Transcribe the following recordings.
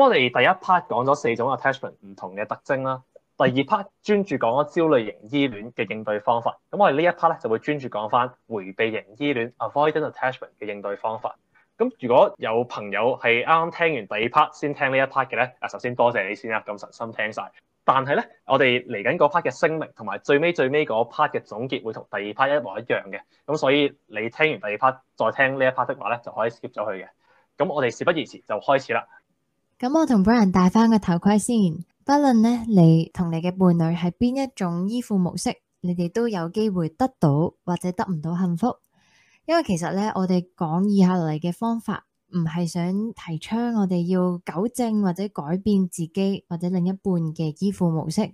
我哋第一 part 講咗四種 attachment 唔同嘅特徵啦。第二 part 專注講咗焦慮型依戀嘅應對方法，咁我哋呢一 part 咧就會專注講翻迴避型依戀 avoidant attachment 嘅應對方法。咁如果有朋友係啱啱聽完第二 part 先聽呢一 part 嘅咧，啊，首先多謝你先啦，咁神心聽晒。但係咧，我哋嚟緊嗰 part 嘅聲明同埋最尾最尾嗰 part 嘅總結會同第二 part 一模一樣嘅，咁所以你聽完第二 part 再聽呢一 part 的話咧，就可以 skip 咗佢嘅。咁我哋事不宜遲，就開始啦。咁我同 Brian 戴翻個頭盔先。不論咧，你同你嘅伴侶係邊一種依附模式，你哋都有機會得到或者得唔到幸福。因為其實咧，我哋講以下落嚟嘅方法，唔係想提倡我哋要糾正或者改變自己或者另一半嘅依附模式。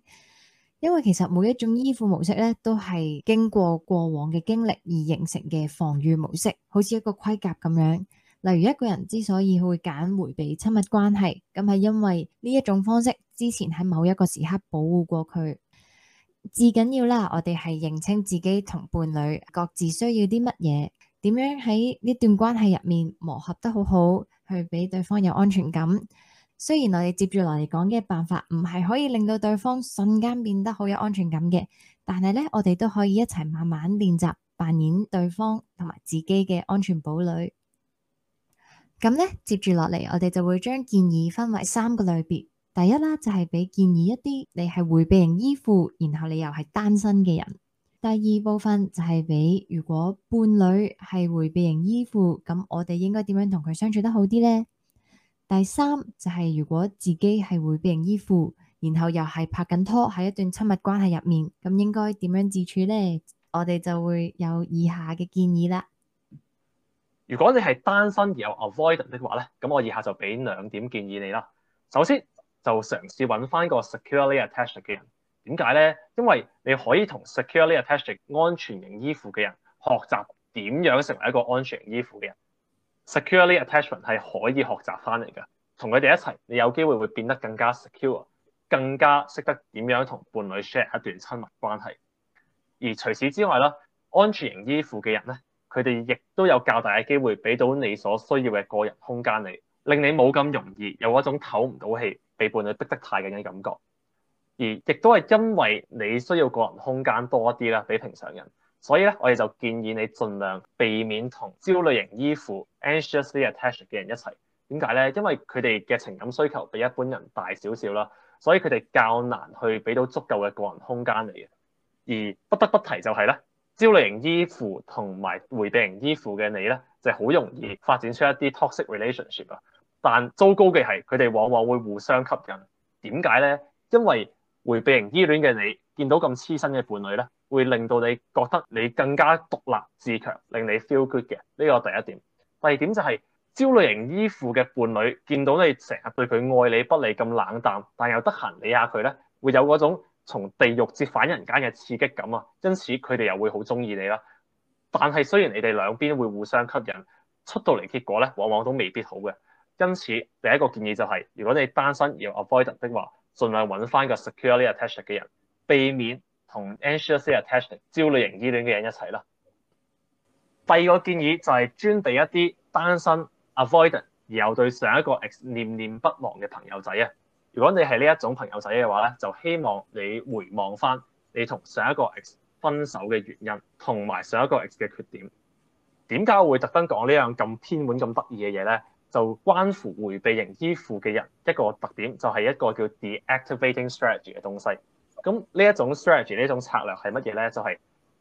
因為其實每一種依附模式咧，都係經過過往嘅經歷而形成嘅防禦模式，好似一個盔甲咁樣。例如，一個人之所以會揀迴避親密關係，咁係因為呢一種方式之前喺某一個時刻保護過佢。至緊要啦，我哋係認清自己同伴侶各自需要啲乜嘢，點樣喺呢段關係入面磨合得好好，去俾對方有安全感。雖然我哋接住落嚟講嘅辦法唔係可以令到對方瞬間變得好有安全感嘅，但係咧，我哋都可以一齊慢慢練習扮演對方同埋自己嘅安全堡壘。咁咧，接住落嚟，我哋就會將建議分為三個類別。第一啦，就係畀建議一啲你係回避型依附，然後你又係單身嘅人。第二部分就係畀如果伴侶係回避型依附，咁我哋應該點樣同佢相處得好啲咧？第三就係如果自己係回避型依附，然後又係拍緊拖喺一段親密關係入面，咁應該點樣自處咧？我哋就會有以下嘅建議啦。如果你係單身而有 avoided 的話咧，咁我以下就俾兩點建議你啦。首先就嘗試揾翻個 securely attached 嘅人。點解咧？因為你可以同 securely attached 安全型依附嘅人學習點樣成為一個安全型依附嘅人。securely attachment 係可以學習翻嚟嘅，同佢哋一齊，你有機會會變得更加 secure，更加識得點樣同伴侶 share 一段親密關係。而除此之外咧，安全型依附嘅人咧。佢哋亦都有較大嘅機會俾到你所需要嘅個人空間，你令你冇咁容易有一種唞唔到氣、被伴侶逼得太緊嘅感覺。而亦都係因為你需要個人空間多一啲啦，比平常人，所以咧我哋就建議你盡量避免同焦慮型依附 anxiously attached 嘅人一齊。點解咧？因為佢哋嘅情感需求比一般人大少少啦，所以佢哋較難去俾到足夠嘅個人空間嚟嘅。而不得不提就係、是、咧。焦慮型依附同埋迴避型依附嘅你咧，就好容易發展出一啲 toxic relationship 啊！但糟糕嘅係，佢哋往往會互相吸引。點解咧？因為迴避型依戀嘅你見到咁黐身嘅伴侶咧，會令到你覺得你更加獨立自強，令你 feel good 嘅。呢個第一點。第二點就係焦慮型依附嘅伴侶見到你成日對佢愛理不理咁冷淡，但又得閒理下佢咧，會有嗰種從地獄折返人間嘅刺激感啊，因此佢哋又會好中意你啦。但係雖然你哋兩邊會互相吸引，出到嚟結果咧，往往都未必好嘅。因此第一個建議就係、是，如果你單身要 avoidant 的話，盡量揾翻個 securely attached 嘅人，避免同 anxiously attached 焦慮型依戀嘅人一齊啦。第二個建議就係專畀一啲單身 avoidant 而又對上一個 ex 念念不忘嘅朋友仔啊。如果你係呢一種朋友仔嘅話咧，就希望你回望翻你同上一個 ex 分手嘅原因，同埋上一個 ex 嘅缺點。點解我會特登講呢樣咁偏門、咁得意嘅嘢咧？就關乎回避型依附嘅人一個特點，就係一個叫 deactivating strategy 嘅東西。咁呢一種 strategy、呢種策略係乜嘢咧？就係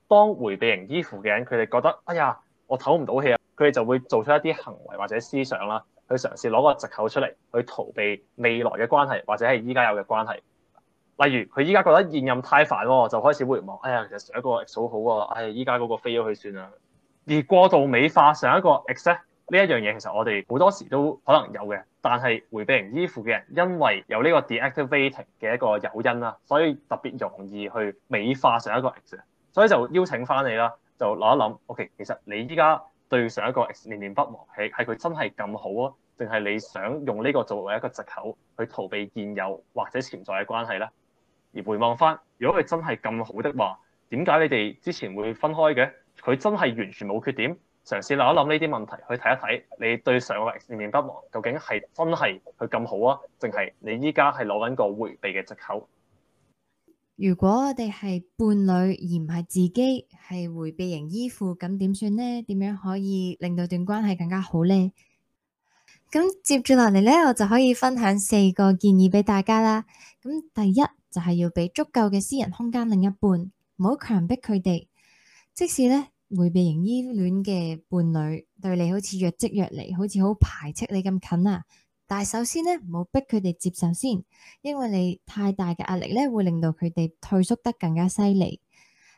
當回避型依附嘅人，佢哋覺得哎呀，我唞唔到氣啊，佢哋就會做出一啲行為或者思想啦。去嘗試攞個藉口出嚟，去逃避未來嘅關係，或者係依家有嘅關係。例如，佢依家覺得現任太煩，就開始回望。哎呀，其實上一個 X 好好喎，哎呀，依家嗰個飛咗去算啦。而過度美化上一個 X 呢？呢一樣嘢其實我哋好多時都可能有嘅，但係迴避型依附嘅人，因為有呢個 deactivating 嘅一個誘因啦，所以特別容易去美化上一個 X。所以就邀請翻你啦，就諗一諗。OK，其實你依家，對上一個 X 念念不忘係係佢真係咁好啊，定係你想用呢個作為一個藉口去逃避現有或者潛在嘅關係咧？而回望翻，如果佢真係咁好的話，點解你哋之前會分開嘅？佢真係完全冇缺點。嘗試諗一諗呢啲問題，去睇一睇你對上個 X 念念不忘究竟係真係佢咁好啊，定係你依家係攞緊個迴避嘅藉口？如果我哋係伴侶而唔係自己，係迴避型依附，咁點算呢？點樣可以令到段關係更加好呢？咁接住落嚟咧，我就可以分享四個建議俾大家啦。咁第一就係要俾足夠嘅私人空間另一半，唔好強迫佢哋。即使咧，迴避型依戀嘅伴侶對你好似若即若離，好似好排斥你咁近啊。但首先呢，唔好逼佢哋接受先，因為你太大嘅壓力咧，會令到佢哋退縮得更加犀利。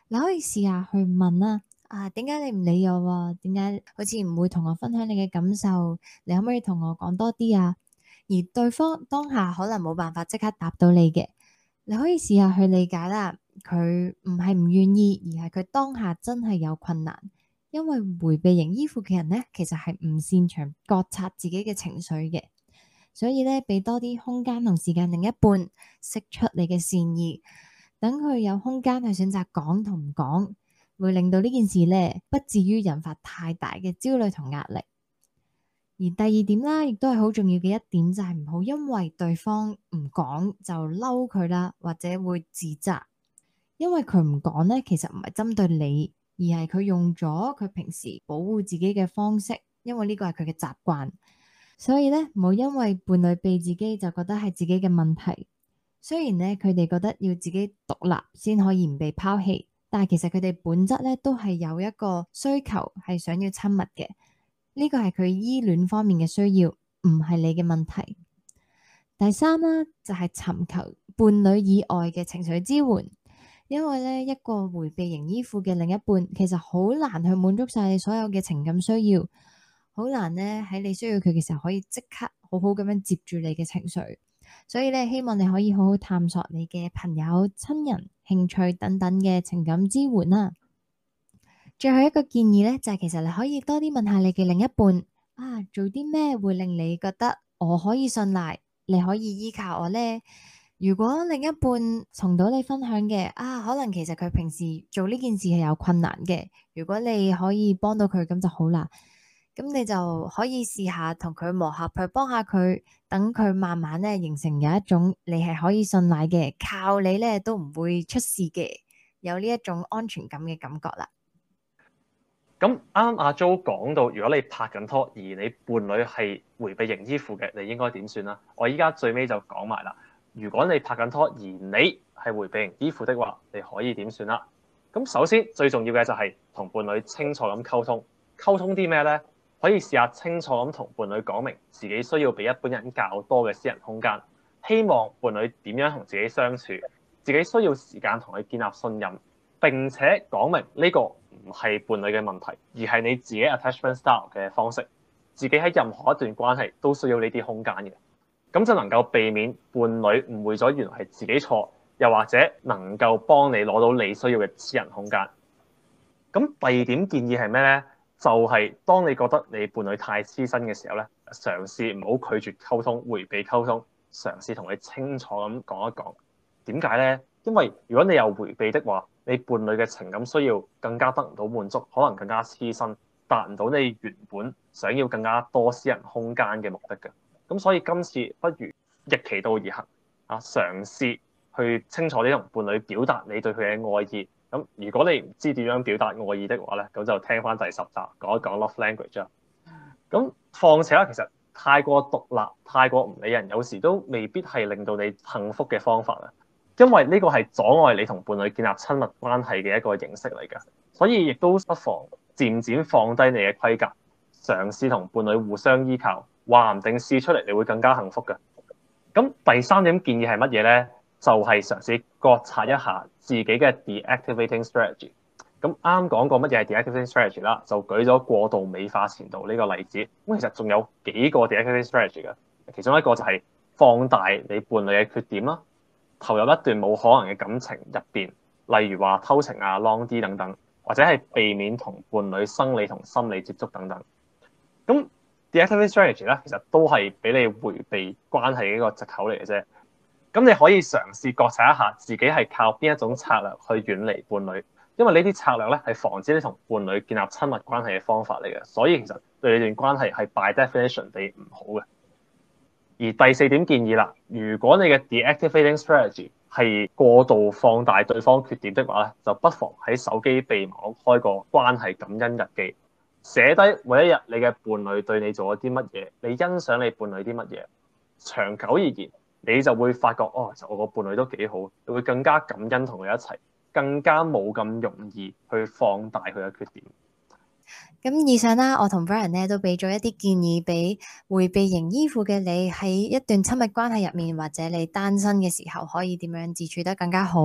你可以試下去問啦，啊，點解你唔理我？點解好似唔會同我分享你嘅感受？你可唔可以同我講多啲啊？而對方當下可能冇辦法即刻答到你嘅，你可以試下去理解啦，佢唔係唔願意，而係佢當下真係有困難。因為回避型依附嘅人咧，其實係唔擅長覺察自己嘅情緒嘅。所以呢，俾多啲空間同時間另一半釋出你嘅善意，等佢有空間去選擇講同唔講，會令到呢件事呢，不至於引發太大嘅焦慮同壓力。而第二點啦，亦都係好重要嘅一點，就係唔好因為對方唔講就嬲佢啦，或者會自責，因為佢唔講呢，其實唔係針對你，而係佢用咗佢平時保護自己嘅方式，因為呢個係佢嘅習慣。所以咧，唔好因為伴侶避自己就覺得係自己嘅問題。雖然咧，佢哋覺得要自己獨立先可以唔被拋棄，但係其實佢哋本質咧都係有一個需求係想要親密嘅。呢、這個係佢依戀方面嘅需要，唔係你嘅問題。第三啦、啊，就係、是、尋求伴侶以外嘅情緒支援，因為咧一個回避型依附嘅另一半，其實好難去滿足晒你所有嘅情感需要。好難呢，喺你需要佢嘅時候可以即刻好好咁樣接住你嘅情緒，所以咧，希望你可以好好探索你嘅朋友、親人、興趣等等嘅情感支援啦。最後一個建議呢，就係其實你可以多啲問下你嘅另一半啊，做啲咩會令你覺得我可以信賴，你可以依靠我呢？如果另一半同到你分享嘅啊，可能其實佢平時做呢件事係有困難嘅，如果你可以幫到佢，咁就好啦。咁你就可以試下同佢磨合去幫下佢，等佢慢慢咧形成有一種你係可以信賴嘅，靠你咧都唔會出事嘅，有呢一種安全感嘅感覺啦。咁啱阿 Jo 講到，如果你拍緊拖而你伴侶係回避型依附嘅，你應該點算啦？我依家最尾就講埋啦。如果你拍緊拖而你係回避型依附的話，你可以點算啦？咁首先最重要嘅就係同伴侶清楚咁溝通，溝通啲咩咧？可以試下清楚咁同伴侶講明自己需要比一般人較多嘅私人空間，希望伴侶點樣同自己相處，自己需要時間同佢建立信任，並且講明呢個唔係伴侶嘅問題，而係你自己 attachment style 嘅方式，自己喺任何一段關係都需要呢啲空間嘅，咁就能夠避免伴侶誤會咗原來係自己錯，又或者能夠幫你攞到你需要嘅私人空間。咁第二點建議係咩咧？就係當你覺得你伴侶太黐身嘅時候咧，嘗試唔好拒絕溝通、迴避溝通，嘗試同佢清楚咁講一講點解咧？因為如果你又迴避的話，你伴侶嘅情感需要更加得唔到滿足，可能更加黐身，達唔到你原本想要更加多私人空間嘅目的嘅。咁所以今次不如逆其道而行啊，嘗試去清楚啲同伴侶表達你對佢嘅愛意。咁如果你唔知點樣表達愛意的話咧，咁就聽翻第十集講一講 Love Language 啦。咁況且啦，其實太過獨立、太過唔理人，有時都未必係令到你幸福嘅方法啦。因為呢個係阻礙你同伴侶建立親密關係嘅一個形式嚟㗎。所以亦都不妨漸漸放低你嘅規格，嘗試同伴侶互相依靠，話唔定試出嚟你會更加幸福㗎。咁第三點建議係乜嘢咧？就係嘗試覺察一下自己嘅 deactivating strategy。咁啱講過乜嘢係 deactivating strategy 啦？就舉咗過度美化前度呢個例子。咁其實仲有幾個 deactivating strategy 嘅，其中一個就係放大你伴侶嘅缺點啦。投入一段冇可能嘅感情入邊，例如話偷情啊、long D 等等，或者係避免同伴侶生理同心理接觸等等。咁 deactivating strategy 咧，其實都係俾你迴避關係嘅一個藉口嚟嘅啫。咁你可以嘗試覺察一下自己係靠邊一種策略去遠離伴侶，因為呢啲策略咧係防止你同伴侶建立親密關係嘅方法嚟嘅，所以其實對你段關係係 by definition 地唔好嘅。而第四點建議啦，如果你嘅 deactivating strategy 係過度放大對方缺點的話咧，就不妨喺手機備忘錄開個關係感恩日記，寫低每一日你嘅伴侶對你做咗啲乜嘢，你欣賞你伴侶啲乜嘢，長久而言，你就會發覺，哦，其實我個伴侶都幾好，你會更加感恩同佢一齊，更加冇咁容易去放大佢嘅缺點。咁以上啦，我同 Brian 咧都俾咗一啲建議俾回避型依附嘅你，喺一段親密關係入面，或者你單身嘅時候，可以點樣自處得更加好。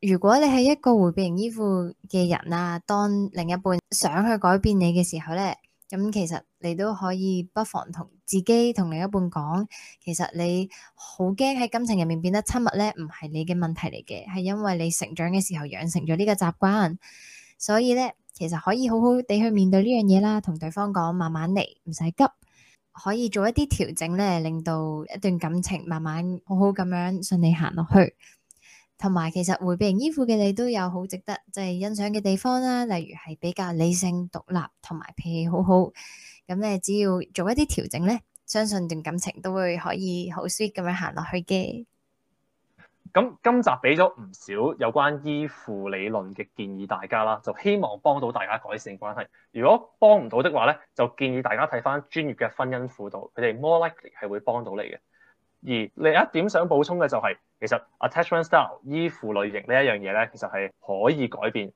如果你係一個回避型依附嘅人啊，當另一半想去改變你嘅時候咧。咁其實你都可以不妨同自己同另一半講，其實你好驚喺感情入面變得親密咧，唔係你嘅問題嚟嘅，係因為你成長嘅時候養成咗呢個習慣，所以咧其實可以好好地去面對呢樣嘢啦，同對方講慢慢嚟，唔使急，可以做一啲調整咧，令到一段感情慢慢好好咁樣順利行落去。同埋，其實回避型依附嘅你都有好值得即係、就是、欣賞嘅地方啦，例如係比較理性、獨立，同埋脾氣好好。咁咧，只要做一啲調整咧，相信段感情都會可以好 sweet 咁樣行落去嘅。咁今集俾咗唔少有關依附理論嘅建議大家啦，就希望幫到大家改善關係。如果幫唔到的話咧，就建議大家睇返專業嘅婚姻輔導，佢哋 more likely 係會幫到你嘅。而另一點想補充嘅就係、是，其實 attachment style 依附類型呢一樣嘢咧，其實係可以改變。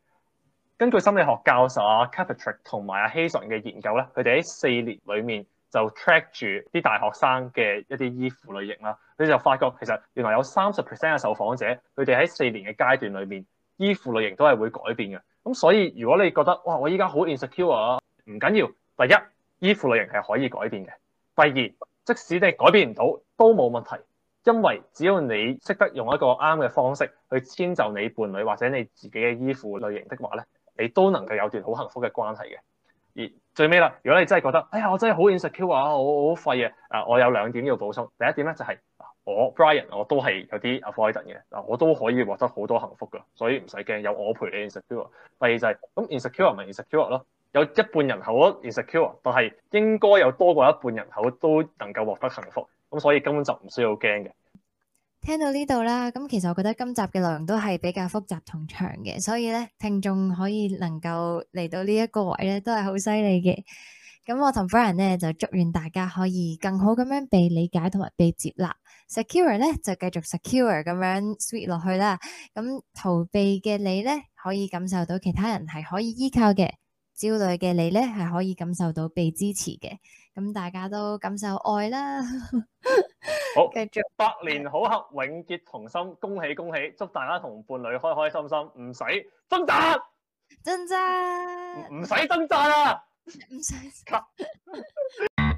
根據心理學教授啊，Kirkpatrick 同埋啊 Hazan 嘅研究咧，佢哋喺四年裏面就 track 住啲大學生嘅一啲依附類型啦。你就發覺其實原來有三十 percent 嘅受訪者，佢哋喺四年嘅階段裏面依附類型都係會改變嘅。咁所以如果你覺得哇，我依家好 insecure 啊，唔緊要。第一，依附類型係可以改變嘅。第二，即使你改變唔到都冇問題，因為只要你識得用一個啱嘅方式去遷就你伴侶或者你自己嘅衣服類型的話咧，你都能夠有段好幸福嘅關係嘅。而最尾啦，如果你真係覺得，哎呀，我真係好 insecure 啊，我好廢啊，啊，我有兩點要補充。第一點咧就係、是、我 Brian 我都係有啲 avoid 嘅，嗱，我都可以獲得好多幸福㗎，所以唔使驚有我陪你 insecure。第二就係咁 insecure 咪 insecure 咯。有一半人口都唔 secure，但係應該有多過一半人口都能夠獲得幸福，咁所以根本就唔需要驚嘅。聽到呢度啦，咁其實我覺得今集嘅內容都係比較複雜同長嘅，所以咧聽眾可以能夠嚟到呢一個位咧都係好犀利嘅。咁我同 Brian 咧就祝願大家可以更好咁樣被理解同埋被接納，secure 咧就繼續 secure 咁樣 sweet 落去啦。咁逃避嘅你咧可以感受到其他人係可以依靠嘅。焦慮嘅你呢，係可以感受到被支持嘅，咁大家都感受愛啦。好，繼續。百年好合，永結同心，恭喜恭喜，祝大家同伴侶開開心心，唔使掙扎，掙扎，唔使掙扎啊，唔使。